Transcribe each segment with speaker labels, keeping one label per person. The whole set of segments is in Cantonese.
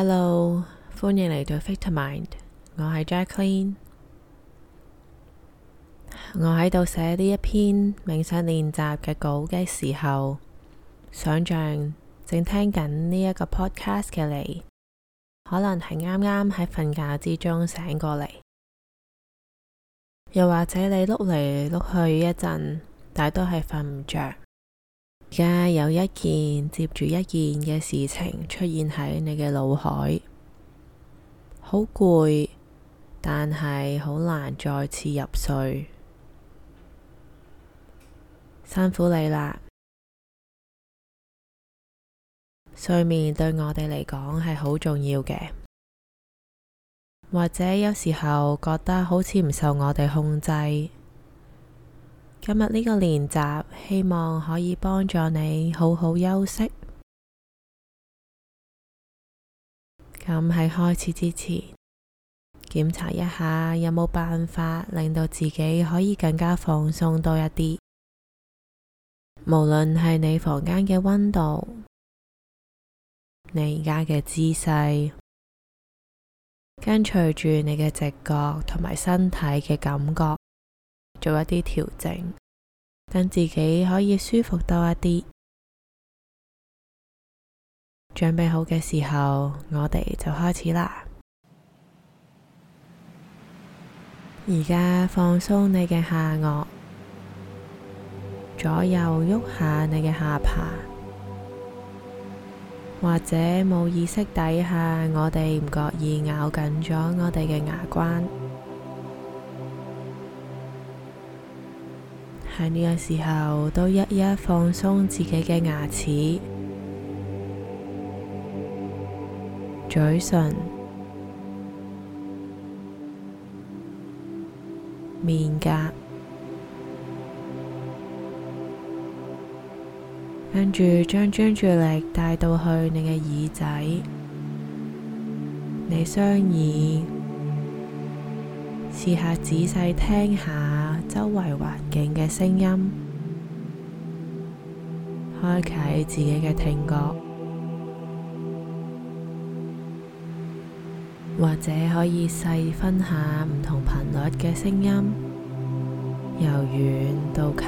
Speaker 1: Hello，歡迎嚟到 Vitamind，我係 Jaclyn。我喺度寫呢一篇冥想練習嘅稿嘅時候，想象正聽緊呢一個 podcast 嘅你，可能係啱啱喺瞓覺之中醒過嚟，又或者你碌嚟碌去一陣，但都係瞓唔着。而家有一件接住一件嘅事情出現喺你嘅腦海，好攰，但係好難再次入睡，辛苦你啦！睡眠對我哋嚟講係好重要嘅，或者有時候覺得好似唔受我哋控制。今日呢個練習，希望可以幫助你好好休息。咁喺開始之前，檢查一下有冇辦法令到自己可以更加放鬆多一啲。無論係你房間嘅溫度，你而家嘅姿勢，跟隨住你嘅直覺同埋身體嘅感覺，做一啲調整。等自己可以舒服多一啲，準備好嘅時候，我哋就開始啦。而家放鬆你嘅下顎，左右喐下你嘅下巴，或者冇意識底下，我哋唔覺意咬緊咗我哋嘅牙關。喺呢個時候，都一一放鬆自己嘅牙齒、嘴脣、面頰，跟住將專注力帶到去你嘅耳仔、你雙耳，試下仔細聽下。周圍環境嘅聲音，開啟自己嘅聽覺，或者可以細分下唔同頻率嘅聲音，由遠到近。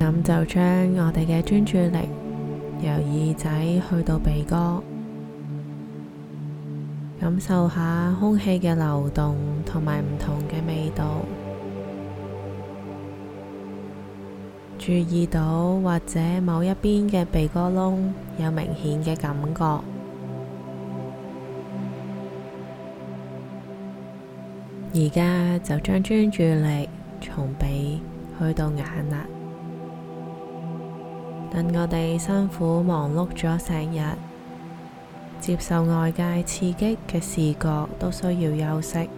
Speaker 1: 咁就將我哋嘅專注力由耳仔去到鼻哥。感受下空氣嘅流動同埋唔同嘅味道，注意到或者某一邊嘅鼻哥窿有明顯嘅感覺。而家就將專注力從鼻去到眼啦。等我哋辛苦忙碌咗成日。接受外界刺激嘅視覺都需要休息，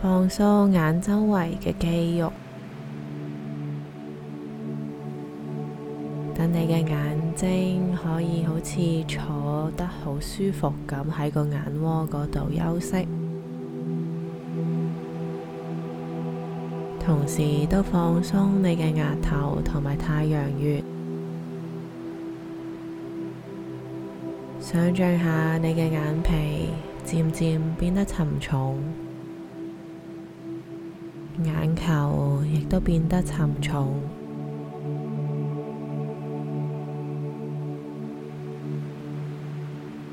Speaker 1: 放鬆眼周圍嘅肌肉，等你嘅眼睛可以好似坐得好舒服咁喺個眼窩嗰度休息，同時都放鬆你嘅額頭同埋太陽穴。想象下，你嘅眼皮漸漸變得沉重，眼球亦都變得沉重。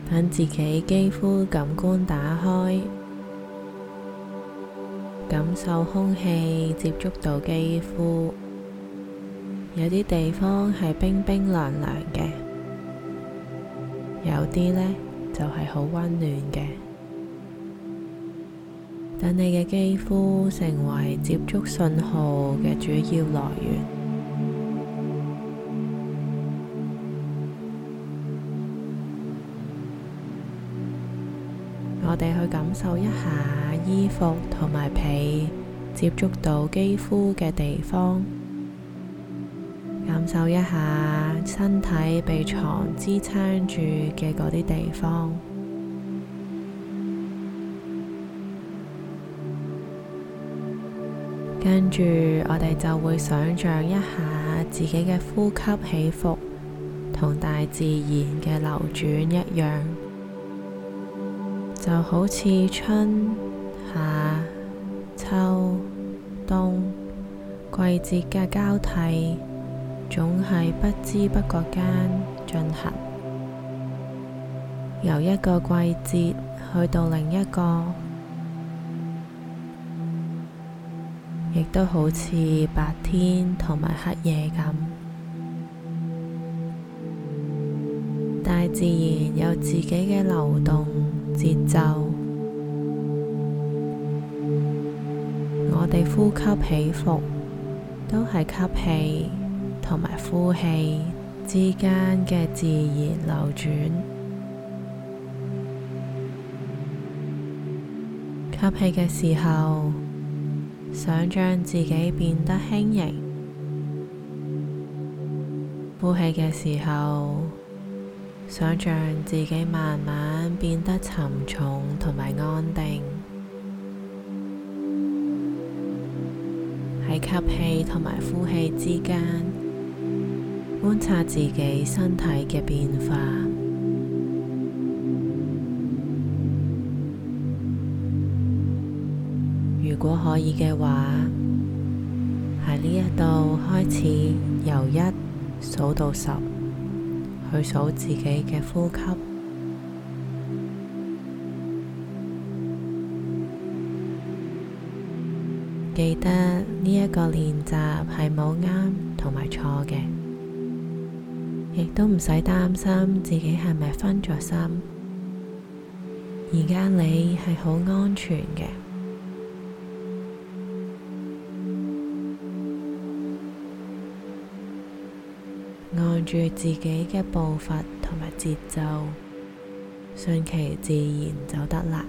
Speaker 1: 等自己肌膚感官打開，感受空氣接觸到肌膚，有啲地方係冰冰涼涼嘅。有啲呢就係好溫暖嘅，等你嘅肌膚成為接觸信號嘅主要來源。我哋去感受一下衣服同埋被接觸到肌膚嘅地方。感受一下身體被床支撐住嘅嗰啲地方，跟住我哋就會想象一下自己嘅呼吸起伏，同大自然嘅流轉一樣，就好似春夏秋冬季節嘅交替。總係不知不覺間進行，由一個季節去到另一個，亦都好似白天同埋黑夜咁。大自然有自己嘅流動節奏，我哋呼吸起伏，都係吸氣。同埋呼氣之間嘅自然流轉，吸氣嘅時候，想象自己變得輕盈；呼氣嘅時候，想象自己慢慢變得沉重同埋安定。喺吸氣同埋呼氣之間。觀察自己身體嘅變化。如果可以嘅話，喺呢一度開始由一數到十，去數自己嘅呼吸。記得呢一個練習係冇啱同埋錯嘅。亦都唔使擔心自己係咪分咗心，而家你係好安全嘅，按住自己嘅步伐同埋節奏，順其自然就得啦。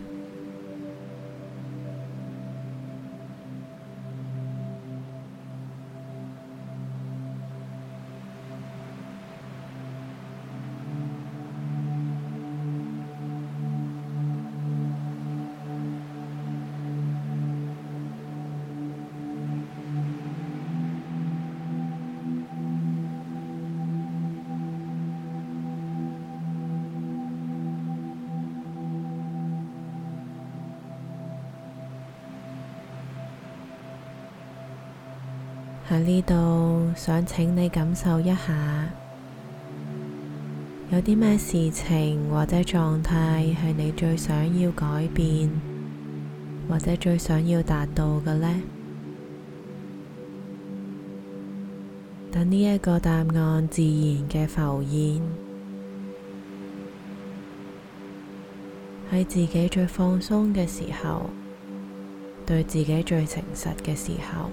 Speaker 1: 喺呢度，想請你感受一下，有啲咩事情或者狀態係你最想要改變，或者最想要達到嘅呢？等呢一個答案自然嘅浮現，喺自己最放鬆嘅時候，對自己最誠實嘅時候。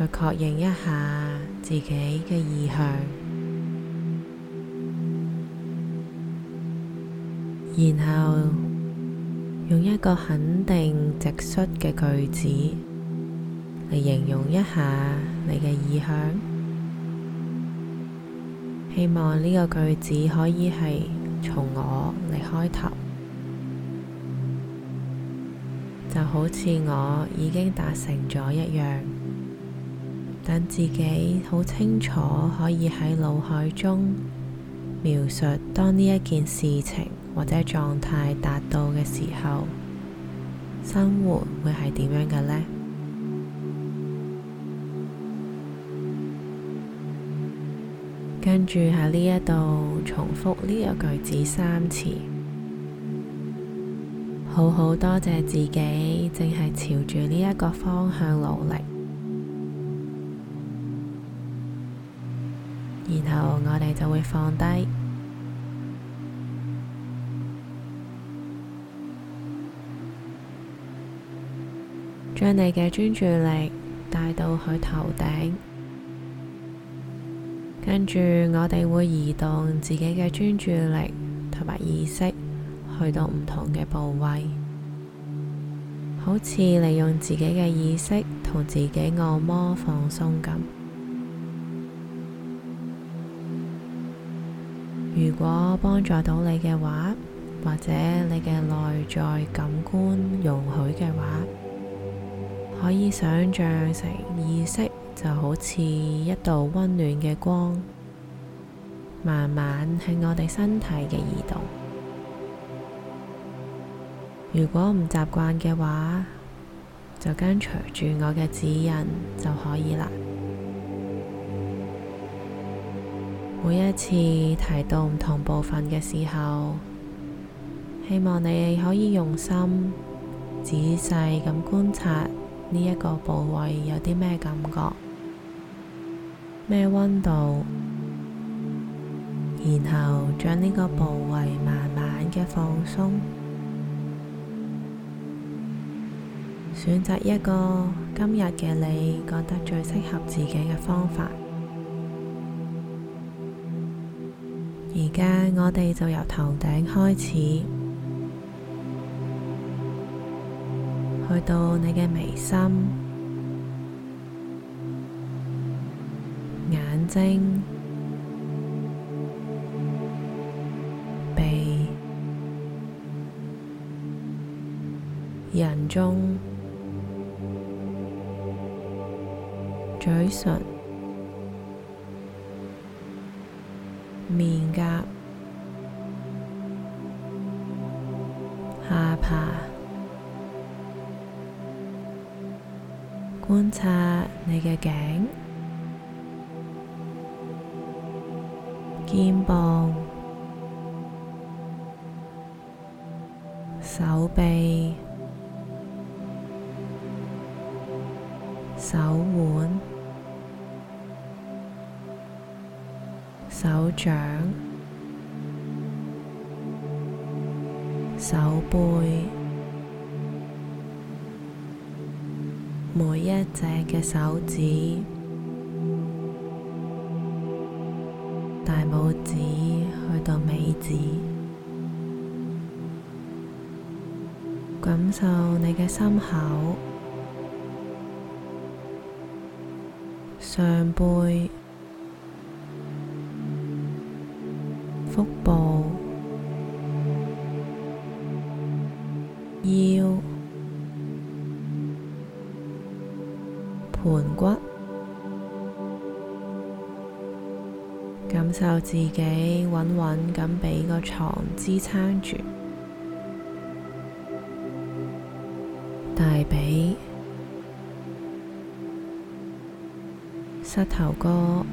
Speaker 1: 去確認一下自己嘅意向，然後用一個肯定直率嘅句子嚟形容一下你嘅意向。希望呢個句子可以係從我嚟開頭，就好似我已經達成咗一樣。讓自己好清楚，可以喺腦海中描述，當呢一件事情或者狀態達到嘅時候，生活會係點樣嘅呢？跟住喺呢一度重複呢個句子三次，好好多謝自己，淨係朝住呢一個方向努力。然後我哋就會放低，將你嘅專注力帶到去頭頂，跟住我哋會移動自己嘅專注力同埋意識去到唔同嘅部位，好似利用自己嘅意識同自己按摩放鬆咁。如果幫助到你嘅話，或者你嘅內在感官容許嘅話，可以想象成意識就好似一道溫暖嘅光，慢慢喺我哋身體嘅移動。如果唔習慣嘅話，就跟隨住我嘅指引就可以啦。每一次提到唔同部分嘅時候，希望你可以用心、仔細咁觀察呢一個部位有啲咩感覺，咩溫度，然後將呢個部位慢慢嘅放鬆，選擇一個今日嘅你覺得最適合自己嘅方法。而家我哋就由頭頂開始，去到你嘅眉心、眼睛、鼻、人中、嘴唇。面頰、下巴，觀察你嘅頸、肩膀、手臂、手腕。手掌、手背，每一隻嘅手指，大拇指去到尾指，感受你嘅心口、上背。腹部、腰、盆骨，感受自己穩穩咁畀個床支撐住，大髀腿、膝頭哥。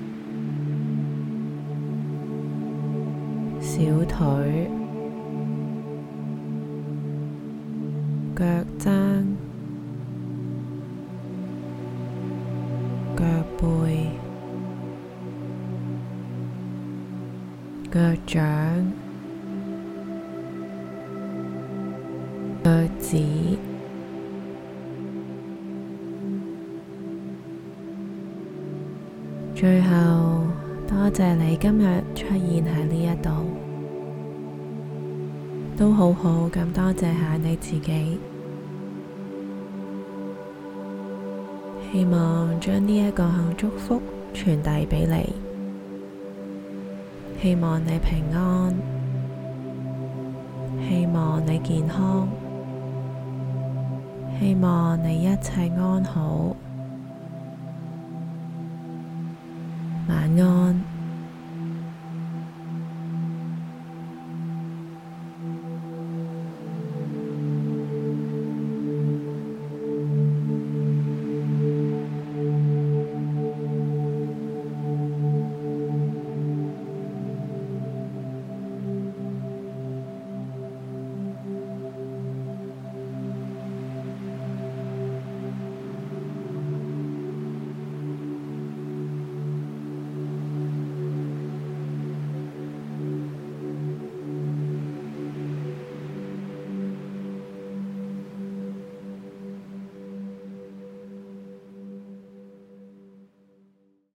Speaker 1: 小腿、腳踭、腳背、腳掌、腳趾，最後，多謝你今日出現喺呢一度。都好好咁，多謝下你自己。希望將呢一個祝福傳遞畀你，希望你平安，希望你健康，希望你一切安好。晚安。